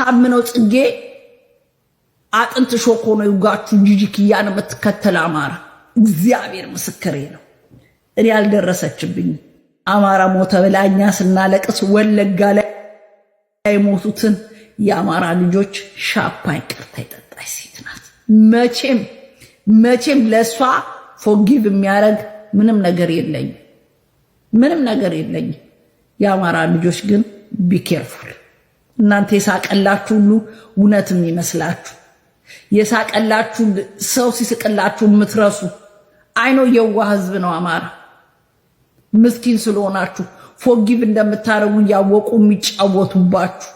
ታምነው ጽጌ አጥንት ሾክ ሆኖ ይውጋችሁ ጂጂክያ ነው የምትከተል አማራ። እግዚአብሔር ምስክሬ ነው። እኔ አልደረሰችብኝም። አማራ ሞተ ብላኛ ስናለቅስ ወለጋ ላይ የሞቱትን የአማራ ልጆች ሻምፓኝ ቀርታ የጠጣች ሴት ናት። መቼም መቼም ለእሷ ፎጊቭ የሚያደርግ ምንም ነገር የለኝም፣ ምንም ነገር የለኝም። የአማራ ልጆች ግን ቢኬርፉል እናንተ የሳቀላችሁ ሁሉ እውነትም ይመስላችሁ የሳቀላችሁ ሰው ሲስቅላችሁ የምትረሱ አይኖ የዋ ህዝብ ነው አማራ። ምስኪን ስለሆናችሁ ፎጊቭ እንደምታደርጉ እያወቁ የሚጫወቱባችሁ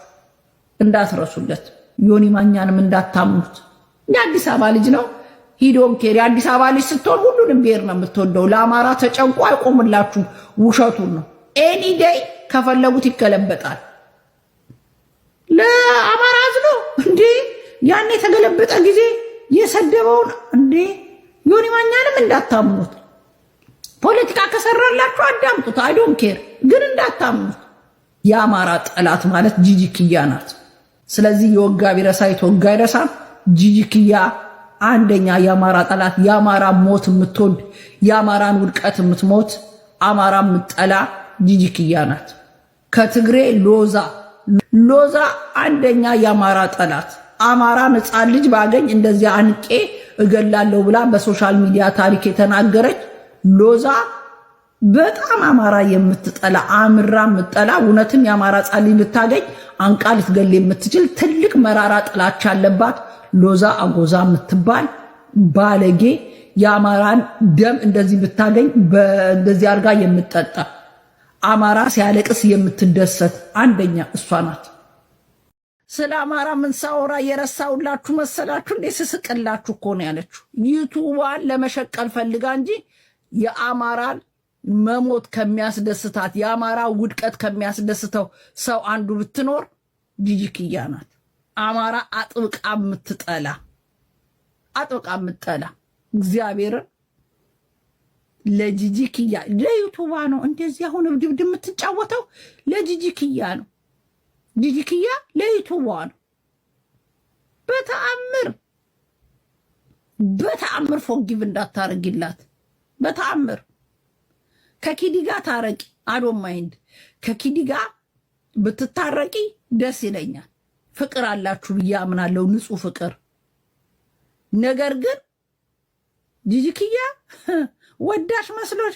እንዳትረሱለት። ዮኒ ማኛንም እንዳታምኑት። የአዲስ አበባ ልጅ ነው ሂዶን ኬር የአዲስ አበባ ልጅ ስትሆን ሁሉንም ብሔር ነው የምትወደው። ለአማራ ተጨንቆ አይቆምላችሁ። ውሸቱን ነው። ኤኒ ደይ ከፈለጉት ይገለበጣል። ለአማራ ህዝብ ነው እንዴ? ያን የተገለበጠ ጊዜ የሰደበውን እንዴ ዮኒ ማኛንም እንዳታምኑት። ፖለቲካ ከሰራላችሁ አዳምጡት፣ አይዶን ኬር ግን እንዳታምኑት። የአማራ ጠላት ማለት ጂጂ ናት። ስለዚህ የወጋ ቢረሳ የተወጋ አይረሳም። ጂጂ አንደኛ የአማራ ጠላት፣ የአማራ ሞት የምትወድ የአማራን ውድቀት የምትሞት አማራ የምትጠላ ጂጂ ኪያ ናት። ከትግሬ ሎዛ ሎዛ አንደኛ የአማራ ጠላት አማራ ሕፃን ልጅ ባገኝ እንደዚያ አንቄ እገላለሁ ብላ በሶሻል ሚዲያ ታሪክ የተናገረች ሎዛ በጣም አማራ የምትጠላ አምራ የምትጠላ እውነትም የአማራ ሕፃን ልጅ ልታገኝ አንቃ ልትገል የምትችል ትልቅ መራራ ጥላቻ አለባት ሎዛ አጎዛ የምትባል ባለጌ የአማራን ደም እንደዚህ ብታገኝ እንደዚህ አድርጋ የምትጠጣ አማራ ሲያለቅስ የምትደሰት አንደኛ እሷ ናት። ስለ አማራ ምን ሳወራ የረሳውላችሁ መሰላችሁ እንዴ? ስስቅላችሁ እኮ ነው ያለችው። ዩቱቧን ለመሸቀል ፈልጋ እንጂ የአማራን መሞት ከሚያስደስታት የአማራ ውድቀት ከሚያስደስተው ሰው አንዱ ብትኖር ጂጂክያ ናት። አማራ አጥብቃ የምትጠላ አጥብቃ የምትጠላ እግዚአብሔርን ለጂጂ ኪያ ለዩቱባ ነው እንደዚህ አሁን ድብድ የምትጫወተው ለጂጂ ነው። ጂጂ ኪያ ለዩቱባ ነው። በተአምር በተአምር ፎጊቭ እንዳታረጊላት በተአምር ከኪዲ ጋር ታረቂ። አዶን ማይንድ ከኪዲ ጋር ብትታረቂ ደስ ይለኛል። ፍቅር አላችሁ ብዬ አምናለሁ፣ ንጹህ ፍቅር። ነገር ግን ጂጂክያ ወዳሽ መስሎች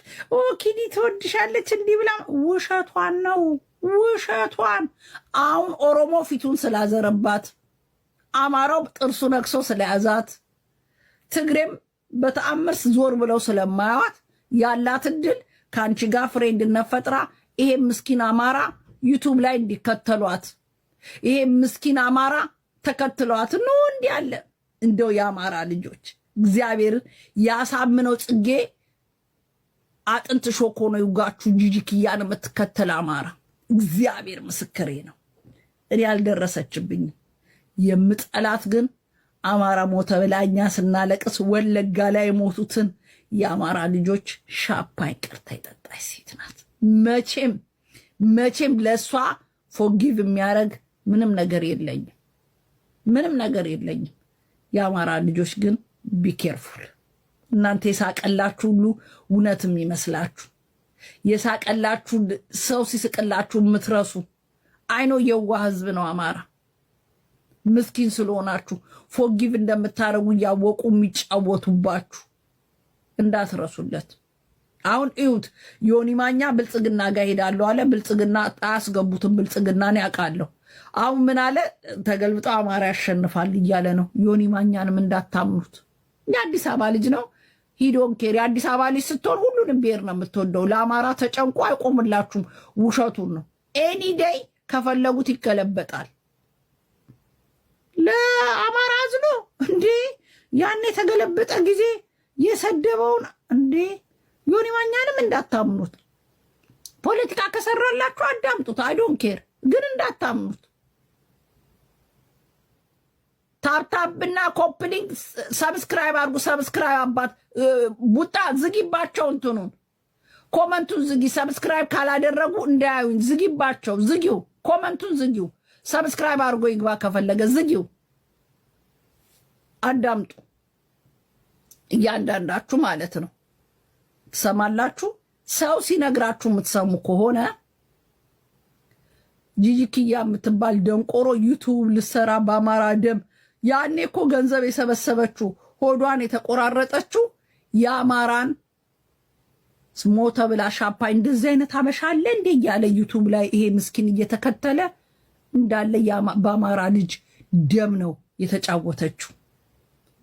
ኪዲ ትወድሻለች እንዲህ ብላ ውሸቷን ነው ውሸቷን። አሁን ኦሮሞ ፊቱን ስላዘረባት፣ አማራው ጥርሱ ነክሶ ስለያዛት፣ ትግሬም በተአምር ዞር ብለው ስለማያዋት ያላት እድል ከአንቺ ጋር ፍሬንድነት ፈጥራ ይሄ ምስኪን አማራ ዩቱብ ላይ እንዲከተሏት ይሄ ምስኪን አማራ ተከትለዋት ነው እንዲህ አለ። እንደው የአማራ ልጆች እግዚአብሔር ያሳምነው ጽጌ አጥንት ሾኮ ነው ይውጋችሁ። ጂጂክያን የምትከተል አማራ እግዚአብሔር ምስክሬ ነው። እኔ አልደረሰችብኝም። የምጠላት ግን አማራ ሞተ ብላኛ ስናለቅስ ወለጋ ላይ የሞቱትን የአማራ ልጆች ሻምፓኝ ቀርታ የጠጣች ሴት ናት። መቼም መቼም ለእሷ ፎጊቭ የሚያደርግ ምንም ነገር የለኝም፣ ምንም ነገር የለኝም። የአማራ ልጆች ግን ቢኬርፉል እናንተ የሳቀላችሁ ሁሉ እውነትም ይመስላችሁ የሳቀላችሁ ሰው ሲስቅላችሁ የምትረሱ አይኖ የዋ ህዝብ ነው አማራ። ምስኪን ስለሆናችሁ ፎጊቭ እንደምታደርጉ እያወቁ የሚጫወቱባችሁ እንዳትረሱለት። አሁን እዩት። ዮኒ ማኛ ብልጽግና ጋር ሄዳለሁ አለ። ብልጽግና አያስገቡትም። ብልጽግናን ያውቃለሁ። አሁን ምን አለ? ተገልብጦ አማራ ያሸንፋል እያለ ነው። ዮኒ ማኛንም እንዳታምኑት። የአዲስ አበባ ልጅ ነው። ሂዶን ኬር የአዲስ አበባ ልጅ ስትሆን ሁሉንም ብሄር ነው የምትወደው። ለአማራ ተጨንቆ አይቆምላችሁም። ውሸቱን ነው። ኤኒ ደይ ከፈለጉት ይገለበጣል። ለአማራ አዝኖ እንዴ ያን የተገለበጠ ጊዜ የሰደበውን እንዴ ዮኒ ማኛንም እንዳታምኑት። ፖለቲካ ከሰራላችሁ አዳምጡት፣ አይዶን ኬር ግን እንዳታምኑት። ታብታብና ኮፕሊንግ ሰብስክራይብ አርጉ። ሰብስክራይብ አባት ቡጣ ዝጊባቸው፣ እንትኑን ኮመንቱን ዝጊ። ሰብስክራይብ ካላደረጉ እንዳያዩኝ ዝጊባቸው፣ ዝጊው፣ ኮመንቱን ዝጊው። ሰብስክራይብ አድርጎ ይግባ ከፈለገ ዝጊው። አዳምጡ እያንዳንዳችሁ ማለት ነው። ትሰማላችሁ። ሰው ሲነግራችሁ የምትሰሙ ከሆነ ጂጂክያ የምትባል ደንቆሮ ዩቱብ ልሰራ በአማራ ደም ያኔ እኮ ገንዘብ የሰበሰበችው ሆዷን የተቆራረጠችው የአማራን ሞተ ብላ ሻምፓኝ እንደዚህ አይነት አመሻለ አለ እንዴ እያለ ዩቱብ ላይ ይሄ ምስኪን እየተከተለ እንዳለ በአማራ ልጅ ደም ነው የተጫወተችው።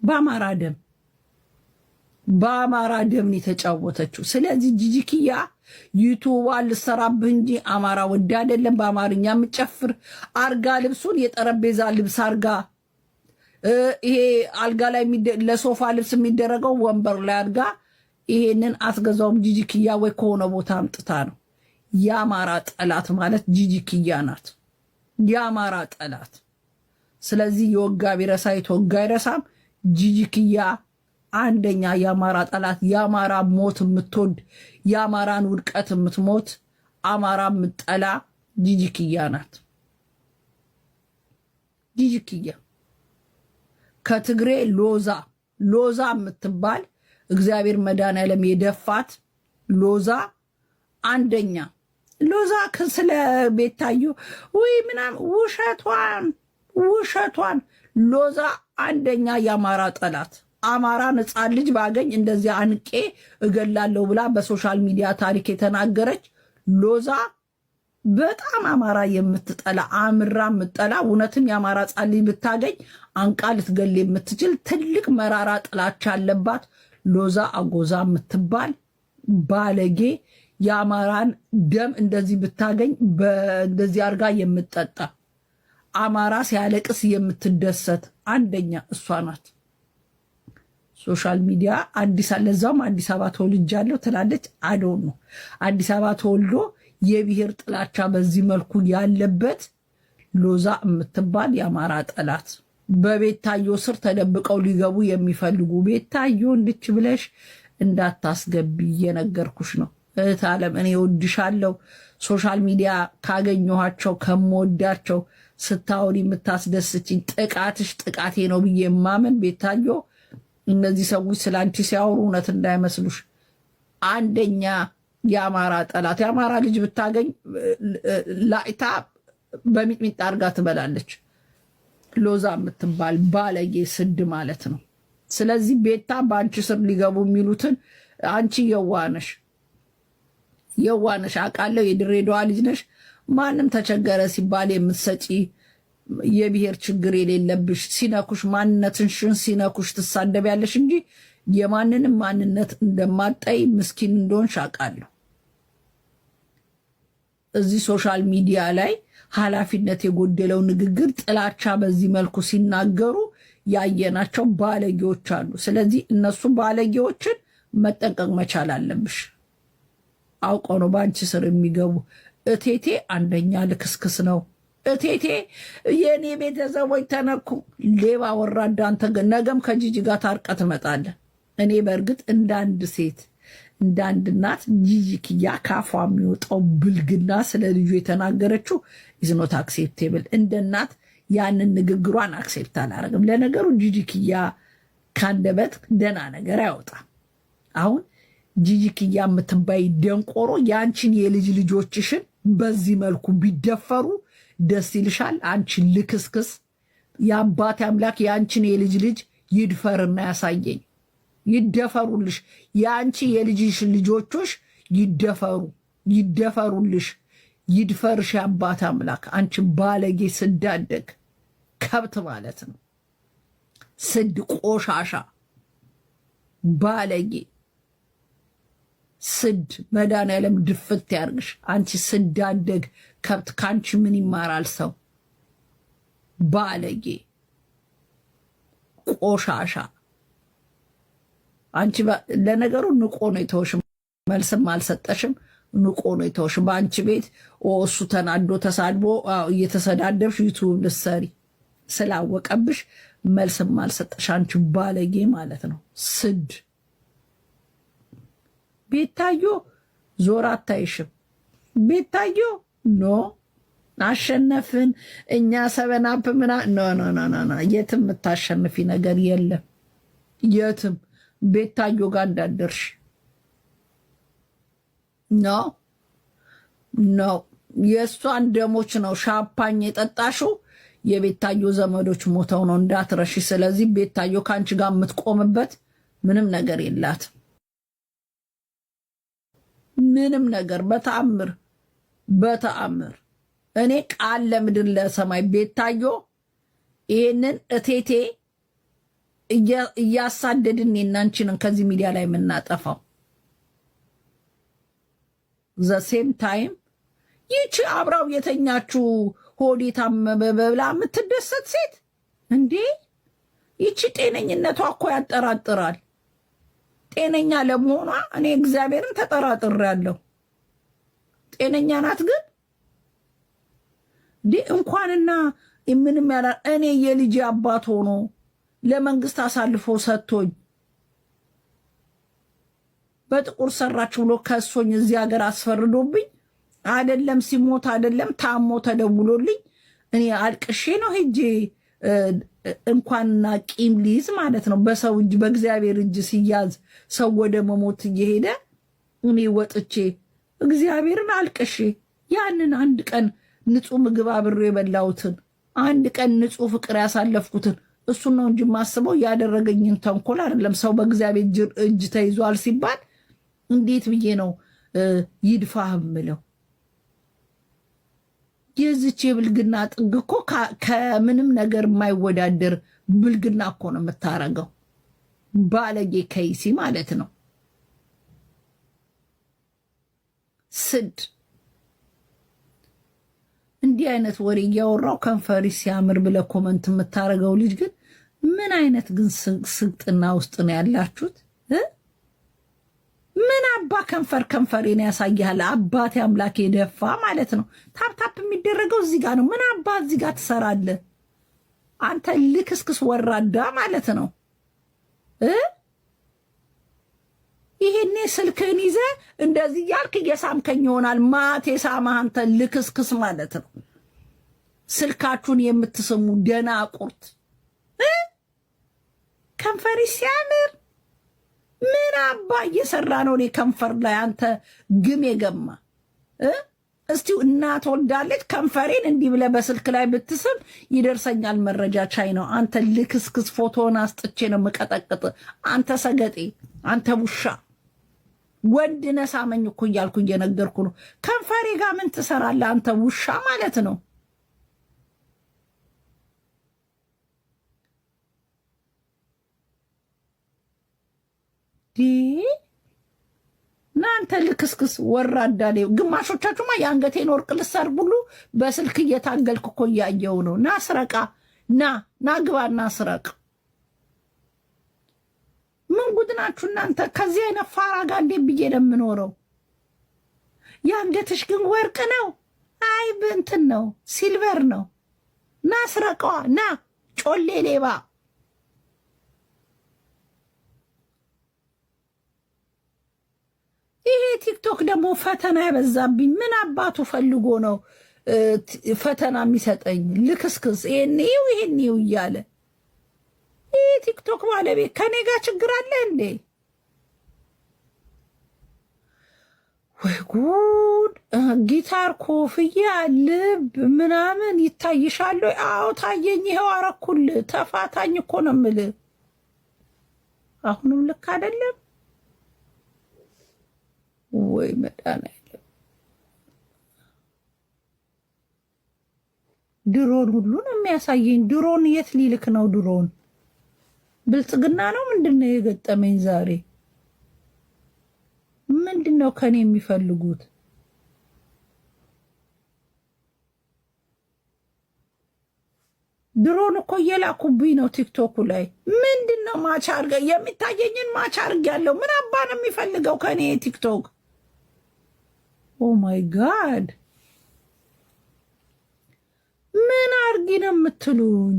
በአማራ ደም በአማራ ደምን የተጫወተችው። ስለዚህ ጂጂኪያ ዩቱብ ልሰራብህ እንጂ አማራ ወድ አይደለም። በአማርኛ የምጨፍር አርጋ ልብሱን የጠረጴዛ ልብስ አርጋ ይሄ አልጋ ላይ ለሶፋ ልብስ የሚደረገው ወንበር ላይ አድጋ ይሄንን አትገዛውም። ጂጂክያ ወይ ከሆነ ቦታ አምጥታ ነው። የአማራ ጠላት ማለት ጂጂክያ ናት፣ የአማራ ጠላት። ስለዚህ የወጋ ቢረሳ የተወጋ አይረሳም። ጂጂክያ አንደኛ የአማራ ጠላት፣ የአማራ ሞት የምትወድ የአማራን ውድቀት የምትሞት አማራ የምትጠላ ጂጂክያ ናት። ጂጂክያ ከትግሬ ሎዛ ሎዛ የምትባል እግዚአብሔር መድኃኒዓለም የደፋት ሎዛ አንደኛ ሎዛ ስለ ቤታዩ ውይ ምናምን ውሸቷን ውሸቷን ሎዛ አንደኛ የአማራ ጠላት አማራ ነፃ ልጅ ባገኝ እንደዚያ አንቄ እገላለሁ ብላ በሶሻል ሚዲያ ታሪክ የተናገረች ሎዛ በጣም አማራ የምትጠላ አምራ የምትጠላ እውነትም የአማራ ጻልኝ ብታገኝ አንቃ ልትገል የምትችል ትልቅ መራራ ጥላቻ አለባት ሎዛ አጎዛ የምትባል ባለጌ የአማራን ደም እንደዚህ ብታገኝ እንደዚህ አርጋ የምትጠጣ አማራ ሲያለቅስ የምትደሰት አንደኛ እሷ ናት። ሶሻል ሚዲያ አዲስ ለዛውም አዲስ አበባ ተወልጃለሁ ትላለች። አዶ ነው አዲስ አበባ ተወልዶ የብሔር ጥላቻ በዚህ መልኩ ያለበት ሎዛ የምትባል የአማራ ጠላት በቤታዮ ስር ተደብቀው ሊገቡ የሚፈልጉ ቤታዮ እንድች ብለሽ እንዳታስገቢ እየነገርኩሽ ነው። እህት ዓለም እኔ ወድሻለሁ። ሶሻል ሚዲያ ካገኘኋቸው ከምወዳቸው ስታወሪ የምታስደስችኝ ጥቃትሽ ጥቃቴ ነው ብዬ የማምን ቤታዮ፣ እነዚህ ሰዎች ስለ አንቺ ሲያወሩ እውነት እንዳይመስሉሽ አንደኛ የአማራ ጠላት የአማራ ልጅ ብታገኝ ላይታ በሚጥሚጣ አርጋ ትበላለች። ሎዛ የምትባል ባለጌ ስድ ማለት ነው። ስለዚህ ቤታ በአንቺ ስር ሊገቡ የሚሉትን አንቺ የዋነሽ የዋነሽ አውቃለሁ። የድሬዳዋ ልጅ ነሽ። ማንም ተቸገረ ሲባል የምትሰጪ የብሔር ችግር የሌለብሽ ሲነኩሽ ማንነትንሽን ሲነኩሽ ትሳደቢያለሽ እንጂ የማንንም ማንነት እንደማጣይ ምስኪን እንደሆን አውቃለሁ። እዚህ ሶሻል ሚዲያ ላይ ኃላፊነት የጎደለው ንግግር፣ ጥላቻ በዚህ መልኩ ሲናገሩ ያየናቸው ባለጌዎች አሉ። ስለዚህ እነሱ ባለጌዎችን መጠንቀቅ መቻል አለብሽ። አውቀ ነው በአንቺ ስር የሚገቡ። እቴቴ አንደኛ ልክስክስ ነው። እቴቴ የእኔ ቤተሰቦች ተነኩ፣ ሌባ ወራዳ። አንተ ነገም ከጂጂ ጋር ታርቀ ትመጣለን። እኔ በእርግጥ እንደ አንድ ሴት እንደ አንድ እናት ጂጂክያ ካፏ የሚወጣው ብልግና ስለ ልጁ የተናገረችው ኢዝኖት አክሴፕቴብል እንደ እናት ያንን ንግግሯን አክሴፕት አላረግም። ለነገሩ ጂጂክያ ካንደበት ደህና ነገር አይወጣም። አሁን ጂጂክያ የምትባይ ደንቆሮ የአንቺን የልጅ ልጆችሽን በዚህ መልኩ ቢደፈሩ ደስ ይልሻል? አንቺን ልክስክስ የአባት አምላክ የአንቺን የልጅ ልጅ ይድፈርና ያሳየኝ። ይደፈሩልሽ። የአንቺ የልጅሽ ልጆችሽ ይደፈሩ ይደፈሩልሽ። ይድፈርሽ አባት አምላክ። አንቺ ባለጌ ስዳደግ ከብት ማለት ነው። ስድ ቆሻሻ ባለጌ ስድ መድኃኒዓለም ድፍት ያርግሽ። አንቺ ስዳደግ ከብት ከአንቺ ምን ይማራል ሰው? ባለጌ ቆሻሻ አንቺ ለነገሩ ንቆ ነው የተወሽ፣ መልስም አልሰጠሽም። ንቆ ነው የተወሽ በአንቺ ቤት እሱ ተናዶ ተሳድቦ እየተሰዳደብሽ ዩቱብ ልትሰሪ ስላወቀብሽ መልስም አልሰጠሽ። አንቺ ባለጌ ማለት ነው። ስድ ቤታዮ ዞር አታይሽም። ቤታዮ ኖ አሸነፍን እኛ ሰበናፕ ምና ኖ ኖ ኖ የትም የምታሸንፊ ነገር የለም የትም ቤታዮ ጋር እንዳደርሽ ኖ ኖ፣ የእሷን ደሞች ነው ሻምፓኝ የጠጣሽው። የቤታዮ ዘመዶች ሞተው ነው እንዳትረሺ። ስለዚህ ቤታዮ ከአንቺ ጋር የምትቆምበት ምንም ነገር የላትም። ምንም ነገር በተአምር በተአምር እኔ ቃል ለምድር ለሰማይ ቤታዮ ይህንን እቴቴ እያሳደድን የናንችንን ከዚህ ሚዲያ ላይ የምናጠፋው ዘሴም ታይም ይቺ አብራው የተኛችው ሆዴታ በብላ የምትደሰት ሴት እንዴ! ይቺ ጤነኝነቷ እኮ ያጠራጥራል። ጤነኛ ለመሆኗ እኔ እግዚአብሔርን ተጠራጥሬያለሁ። ጤነኛ ናት ግን እንኳንና ምንም ያላ እኔ የልጅ አባት ሆኖ ለመንግስት አሳልፎ ሰጥቶኝ በጥቁር ሰራች ብሎ ከሶኝ እዚህ ሀገር አስፈርዶብኝ አይደለም ሲሞት አይደለም ታሞ ተደውሎልኝ እኔ አልቅሼ ነው ሄጄ እንኳንና ቂም ሊይዝ ማለት ነው። በሰው እጅ በእግዚአብሔር እጅ ሲያዝ ሰው ወደ መሞት እየሄደ እኔ ወጥቼ እግዚአብሔርን አልቅሼ ያንን አንድ ቀን ንጹህ ምግብ አብሮ የበላሁትን አንድ ቀን ንጹህ ፍቅር ያሳለፍኩትን እሱን ነው እንጂ ማስበው ያደረገኝን ተንኮል አይደለም። ሰው በእግዚአብሔር እጅ ተይዟል ሲባል እንዴት ብዬ ነው ይድፋህ ምለው? የዚች የብልግና ጥግ እኮ ከምንም ነገር የማይወዳደር ብልግና እኮ ነው የምታረገው። ባለጌ ከይሲ ማለት ነው። ስድ እንዲህ አይነት ወሬ እያወራው ከንፈሪ ሲያምር ብለ ኮመንት የምታረገው ልጅ ግን ምን አይነት ግን ስልጥና ውስጥ ነው ያላችሁት? ምን አባ ከንፈር ከንፈሬን ያሳያል። አባቴ አምላክ የደፋ ማለት ነው። ታፕታፕ የሚደረገው እዚህ ጋር ነው። ምን አባ እዚህ ጋር ትሰራለህ አንተ ልክስክስ ወራዳ ማለት ነው። ይሄኔ ስልክህን ይዘ እንደዚህ ያልክ እየሳምከኝ ይሆናል። ማቴ ሳማህ አንተ ልክስክስ ማለት ነው። ስልካችሁን የምትስሙ ደናቁርት ከንፈሪ ሲያምር ምን አባ እየሰራ ነው? እኔ ከንፈር ላይ አንተ ግም የገማ እስቲ እናት ወልዳለች። ከንፈሬን እንዲህ ብለህ በስልክ ላይ ብትስም ይደርሰኛል መረጃ። ቻይ ነው አንተ ልክስክስ ፎቶን አስጥቼ ነው የምቀጠቅጥ። አንተ ሰገጤ፣ አንተ ቡሻ ወንድ ነሳመኝ ሳመኝ እኮ እያልኩ እየነገርኩ ነው። ከንፈሬ ጋር ምን ትሰራለህ አንተ ውሻ ማለት ነው። እናንተ ልክስክስ ወራዳ ግማሾቻችሁማ የአንገቴን ወርቅ ልሰርብ ሁሉ በስልክ እየታገልክ እኮ እያየው ነው። ና ስረቃ፣ ና ና ግባ፣ ና ስረቅ። ምን ጉድናችሁ እናንተ? ከዚህ አይነት ፋራ ጋር እንዴት ብዬ ነው የምኖረው? የአንገትሽ ግን ወርቅ ነው። አይ ብንትን ነው ሲልቨር ነው። ና ስረቀዋ፣ ና ጮሌ ሌባ ቲክቶክ ደግሞ ፈተና ያበዛብኝ። ምን አባቱ ፈልጎ ነው ፈተና የሚሰጠኝ? ልክስክስ ይሄን ይው ይሄን ይው እያለ ይህ ቲክቶክ ባለቤት ከኔ ጋር ችግር አለ እንዴ? ወይ ጉድ! ጊታር፣ ኮፍያ፣ ልብ ምናምን ይታይሻሉ? አዎ ታየኝ። ይኸው አረኩል። ተፋታኝ እኮ ነው የምልህ። አሁንም ልክ አይደለም። ወይ መድኃኒዓለም ድሮን ሁሉን የሚያሳየኝ ድሮን የት ሊልክ ነው? ድሮን ብልጽግና ነው። ምንድን ነው የገጠመኝ ዛሬ? ምንድን ነው ከኔ የሚፈልጉት? ድሮን እኮ እየላኩብኝ ነው ቲክቶኩ ላይ። ምንድን ነው ማቻ አርገ የሚታየኝን ማቻ አርግ ያለው ምን አባ ነው የሚፈልገው ከኔ ቲክቶክ ኦ ማይ ጋድ ምን አርጊ ነው የምትሉኝ?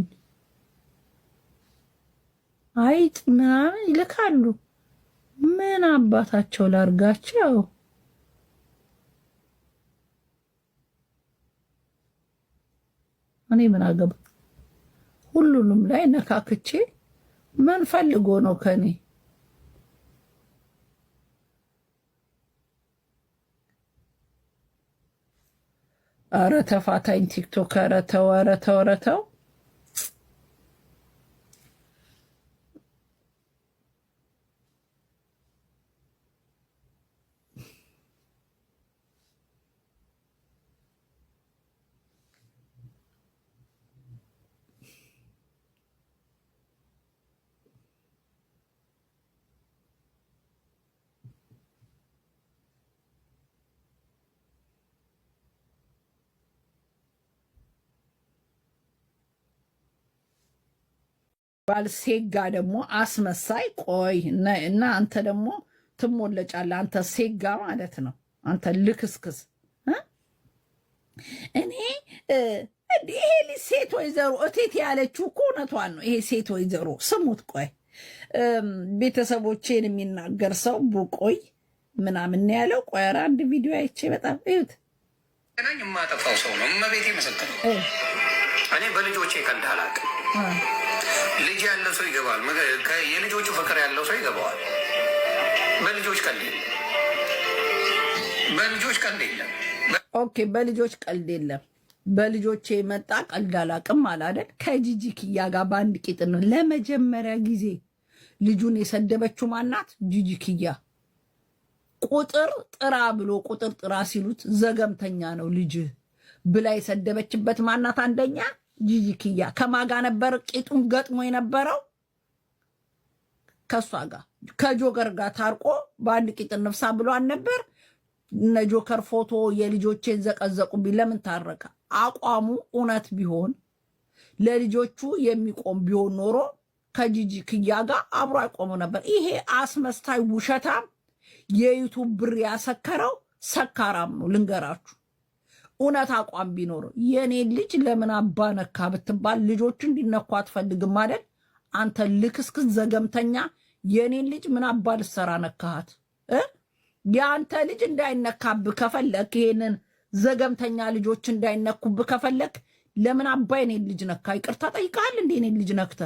አይጥ ምናምን ይልካሉ። ምን አባታቸው ላርጋቸው? እኔ ምን አገባ? ሁሉንም ላይ ነካክቼ ምን ፈልጎ ነው ከኔ? ኧረ ተፋታኝ ቲክቶክ ኧረ ተው ኧረ ተው ኧረ ተው ባል ሴጋ ደግሞ አስመሳይ። ቆይ እና አንተ ደግሞ ትሞለጫለ አንተ ሴጋ ማለት ነው። አንተ ልክስክስ እኔ ይሄ ሴት ወይዘሮ እቴት ያለችው እኮ እውነቷን ነው። ይሄ ሴት ወይዘሮ ስሙት። ቆይ ቤተሰቦቼን የሚናገር ሰው ብቆይ ምናምን ያለው ቆይ፣ ኧረ አንድ ቪዲዮ አይቼ በጣም እዩት። የማጠፋው ሰው ነው። እመቤቴ መሰከረ እኔ በልጆቼ ከንዳላቅ ልጅ ያለው ሰው ይገባል። የልጆቹ ፍቅር ያለው ሰው ይገባዋል። በልጆች ቀልድ የለም። በልጆች ቀልድ የለም። ኦኬ፣ በልጆች ቀልድ የለም። በልጆች የመጣ ቀልድ አላቅም አላደል ከጂጂ ኪያ ጋር በአንድ ቂጥ ነው። ለመጀመሪያ ጊዜ ልጁን የሰደበችው ማናት? ጂጂ ቁጥር ጥራ ብሎ ቁጥር ጥራ ሲሉት ዘገምተኛ ነው ልጅ ብላ የሰደበችበት ማናት? አንደኛ ጂጂክያ ከማጋ ነበር ቂጡን ገጥሞ የነበረው ከእሷ ጋር ከጆከር ጋር ታርቆ በአንድ ቂጥ ንፍሳ ብሏን ነበር። እነ ጆከር ፎቶ የልጆቼን ዘቀዘቁብኝ። ለምን ታረቀ? አቋሙ እውነት ቢሆን ለልጆቹ የሚቆም ቢሆን ኖሮ ከጂጂ ክያ ጋር አብሮ አይቆሙ ነበር። ይሄ አስመስታይ ውሸታም የዩቱብ ብር ያሰከረው ሰካራም ነው ልንገራችሁ። እውነት አቋም ቢኖረ የኔ ልጅ ለምን ነካ ብትባል ልጆቹ እንዲነኩ አትፈልግም አይደል? አንተ ልክስክስ ዘገምተኛ የኔን ልጅ ምን አባ ልሰራ ነካሃት? የአንተ ልጅ እንዳይነካብህ ከፈለክ ይሄንን ዘገምተኛ ልጆች እንዳይነኩብህ ከፈለክ ለምን አባ የኔን ልጅ ነካ? ይቅርታ ጠይቀሃል እንደ የኔን ልጅ ነክተ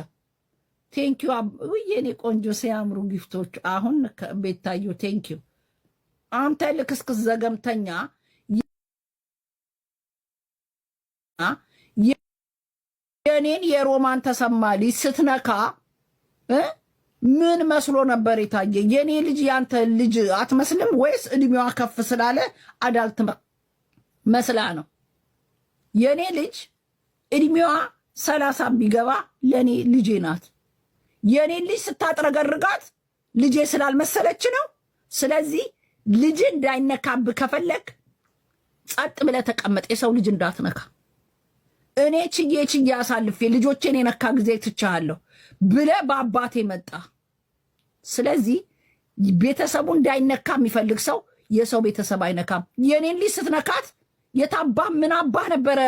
ቴንኪዩ የኔ ቆንጆ ሲያምሩ ጊፍቶች። አሁን ቤታዩ ቴንኪዩ። አንተ ልክስክስ ዘገምተኛ የኔን የሮማን ተሰማ ልጅ ስትነካ ምን መስሎ ነበር የታየ? የኔ ልጅ ያንተ ልጅ አትመስልም ወይስ እድሜዋ ከፍ ስላለ አዳልት መስላ ነው? የኔ ልጅ እድሜዋ ሰላሳ ቢገባ ለእኔ ልጄ ናት። የኔን ልጅ ስታጥረገርጋት ልጄ ስላልመሰለች ነው። ስለዚህ ልጅ እንዳይነካብ ከፈለግ ጸጥ ብለህ ተቀመጥ፣ የሰው ልጅ እንዳትነካ። እኔ ችዬ ችዬ አሳልፌ ልጆቼን የነካ ጊዜ ትቻለሁ ብለ በአባቴ መጣ። ስለዚህ ቤተሰቡ እንዳይነካ የሚፈልግ ሰው የሰው ቤተሰብ አይነካም። የኔን ልጅ ስትነካት የታባ ምን አባህ ነበረ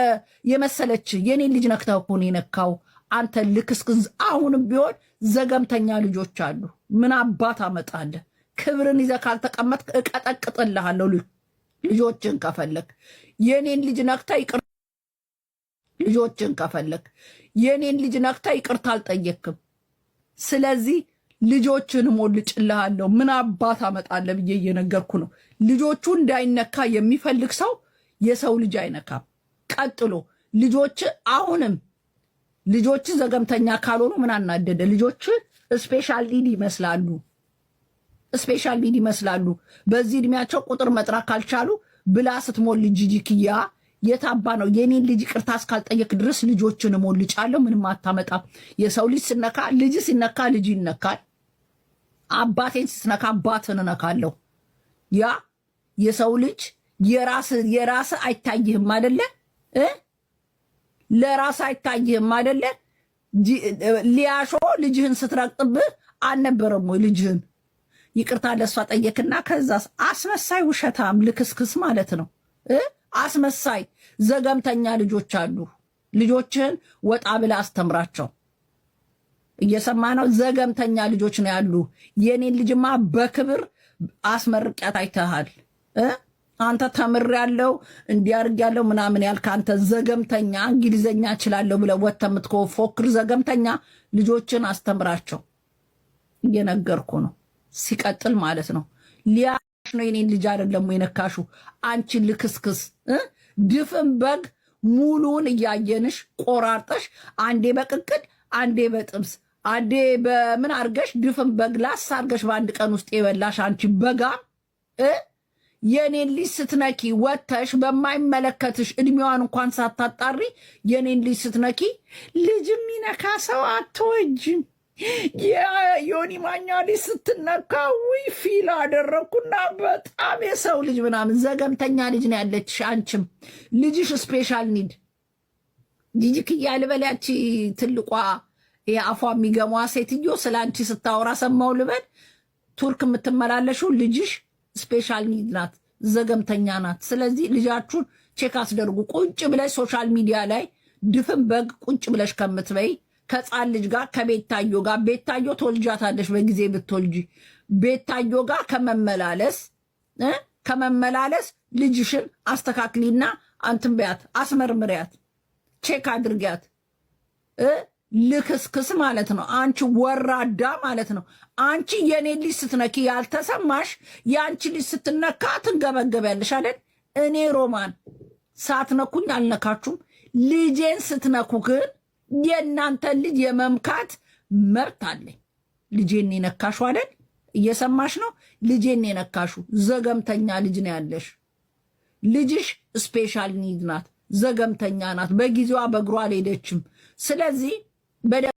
የመሰለች የኔን ልጅ ነክተህ እኮ ነው የነካው አንተ ልክስክዝ። አሁንም ቢሆን ዘገምተኛ ልጆች አሉ። ምን አባት አመጣለህ? ክብርን ይዘህ ካልተቀመጥክ እቀጠቅጥልሃለሁ ልጆችን ከፈለግ የኔን ልጅ ነክተህ ይቅር ልጆችን ከፈለግ የእኔን ልጅ ነክታ ይቅርታ አልጠየክም። ስለዚህ ልጆችን ሞልጭልሃለሁ። ምን አባት አመጣለ ብዬ እየነገርኩ ነው። ልጆቹ እንዳይነካ የሚፈልግ ሰው የሰው ልጅ አይነካም። ቀጥሎ ልጆች አሁንም ልጆች ዘገምተኛ ካልሆኑ ምን አናደደ? ልጆች ስፔሻል ኒድ ይመስላሉ። ስፔሻል ኒድ ይመስላሉ። በዚህ እድሜያቸው ቁጥር መጥራት ካልቻሉ ብላ ስትሞል የታባ ነው የኔን ልጅ ቅርታ እስካልጠየቅ ድረስ ልጆችን ሞልጫለሁ። ምንም አታመጣም። የሰው ልጅ ስነካ ልጅ ሲነካ ልጅ ይነካል። አባቴን ስትነካ አባትን እነካለሁ። ያ የሰው ልጅ የራስ የራስ አይታይህም አደለ? ለራስ አይታይህም አደለ? ሊያሾ ልጅህን ስትረቅጥብህ አልነበረም ወይ ልጅህን ይቅርታ ለእሷ ጠየክና ከዛ አስመሳይ ውሸታም ልክስክስ ማለት ነው። አስመሳይ ዘገምተኛ ልጆች አሉ። ልጆችህን ወጣ ብለ አስተምራቸው። እየሰማ ነው። ዘገምተኛ ልጆች ነው ያሉ። የኔን ልጅማ በክብር አስመርቂያት አይተሃል። አንተ ተምር ያለው እንዲያርግ ያለው ምናምን ያልክ አንተ ዘገምተኛ፣ እንግሊዘኛ እችላለሁ ብለህ ወጥተህ የምትፎክር ዘገምተኛ ልጆችን አስተምራቸው። እየነገርኩ ነው። ሲቀጥል ማለት ነው ሊያሽ ነው የኔን ልጅ አይደለም የነካሹ አንቺ ልክስክስ ድፍን በግ ሙሉውን እያየንሽ ቆራርጠሽ አንዴ በቅቅል አንዴ በጥብስ አንዴ በምን አርገሽ ድፍን በግ ላስ አርገሽ በአንድ ቀን ውስጥ የበላሽ አንቺ በጋ የኔን ልጅ ስትነኪ ወተሽ በማይመለከትሽ እድሜዋን እንኳን ሳታጣሪ የኔን ልጅ ስትነኪ ልጅ የሚነካ ሰው አትወጅም። የዮኒ ማኛ ልጅ ስትነካ ውይ ፊል አደረግኩና በጣም የሰው ልጅ ምናምን ዘገምተኛ ልጅ ነው ያለችሽ። አንቺም ልጅሽ ስፔሻል ኒድ ጂጂክ እያልበል ያቺ ትልቋ የአፏ የሚገሟ ሴትዮ ስለ አንቺ ስታወራ ሰማው ልበል። ቱርክ የምትመላለሽው ልጅሽ ስፔሻል ኒድ ናት፣ ዘገምተኛ ናት። ስለዚህ ልጃችሁን ቼክ አስደርጉ። ቁጭ ብለሽ ሶሻል ሚዲያ ላይ ድፍን በግ ቁጭ ብለሽ ከምትበይ ከጻን ልጅ ጋር ከቤታዮ ጋር ቤታዮ ትወልጃታለሽ በጊዜ ብትወልጂ ቤታዮ ጋር ከመመላለስ ከመመላለስ ልጅሽን አስተካክሊና አንትን በያት፣ አስመርምሪያት፣ ቼክ አድርጊያት። ልክስክስ ማለት ነው። አንቺ ወራዳ ማለት ነው። አንቺ የኔ ልጅ ስትነኪ ያልተሰማሽ የአንቺ ልጅ ስትነካ ትንገበገቢያለሽ አለን እኔ ሮማን ሳትነኩኝ አልነካችሁም። ልጄን ስትነኩ ግን የእናንተን ልጅ የመምካት መብት አለኝ። ልጄን የነካሹ አይደል? እየሰማሽ ነው? ልጄን የነካሹ ዘገምተኛ ልጅ ነው ያለሽ። ልጅሽ ስፔሻል ኒድ ናት፣ ዘገምተኛ ናት። በጊዜዋ በእግሯ አልሄደችም። ስለዚህ